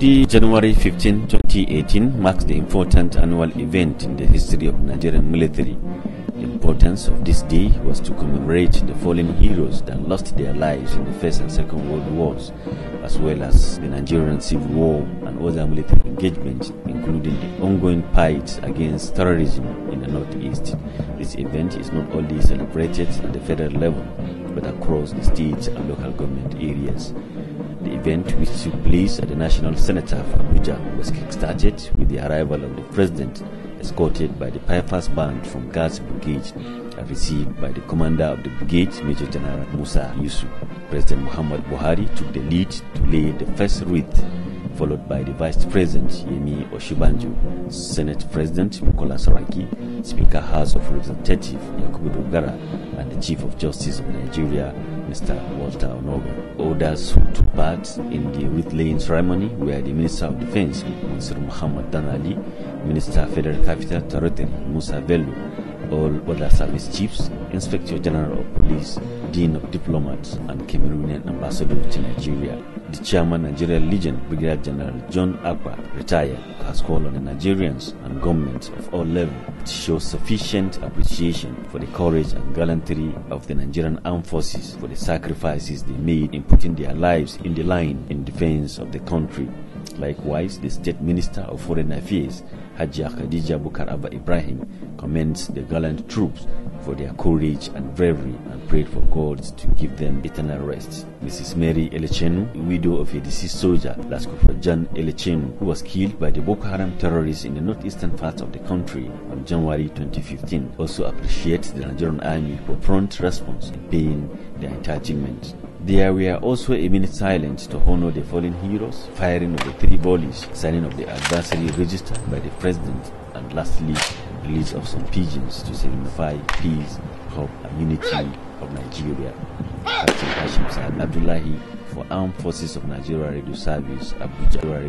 The January 15, 2018 marks the important annual event in the history of Nigerian military. The importance of this day was to commemorate the fallen heroes that lost their lives in the First and Second World Wars, as well as the Nigerian Civil War and other military engagements, including the ongoing fight against terrorism in the Northeast. This event is not only celebrated at the federal level, but across the state and local government areas. The event, which took place at the National Centre of Abuja, was kick-started with the arrival of the President, escorted by the Pipers Band from Guards Brigade and received by the Commander of the Brigade, Major General Musa Yusuf. President Muhammad Buhari took the lead to lay the first wreath followed by the Vice President Yemi Oshibanju, Senate President Mukola Saraki, Speaker House of Representatives Yakubu Dugara, and the Chief of Justice of Nigeria, Mr. Walter Onogo. Others who took part in the wreath-laying ceremony were the Minister of Defense, Mr. Muhammad Dan Ali, Minister Federal Capital Territory, Musa Bello, all other service chiefs, Inspector General of Police, Dean of Diplomats, and Cameroonian Ambassador to Nigeria the chairman Nigerian Legion, Brigadier General John Akpa, retired, has called on the Nigerians and government of all levels to show sufficient appreciation for the courage and gallantry of the Nigerian armed forces for the sacrifices they made in putting their lives in the line in defense of the country Likewise, the State Minister of Foreign Affairs, Hajia Khadija Bukar Abba Ibrahim, commends the gallant troops for their courage and bravery and prayed for God to give them eternal rest. Mrs. Mary Elechenu, widow of a deceased soldier, Las John Elechenu, who was killed by the Boko Haram terrorists in the northeastern part of the country on January 2015, also appreciates the Nigerian army for prompt response in paying their entitlement. There were also a minute silence to honor the fallen heroes, firing of the three volleys, signing of the adversary register by the president, and lastly, release of some pigeons to signify peace, hope, and unity of Nigeria. Captain Hashim Saad Abdullahi for Armed Forces of Nigeria Radio Service, Abuja.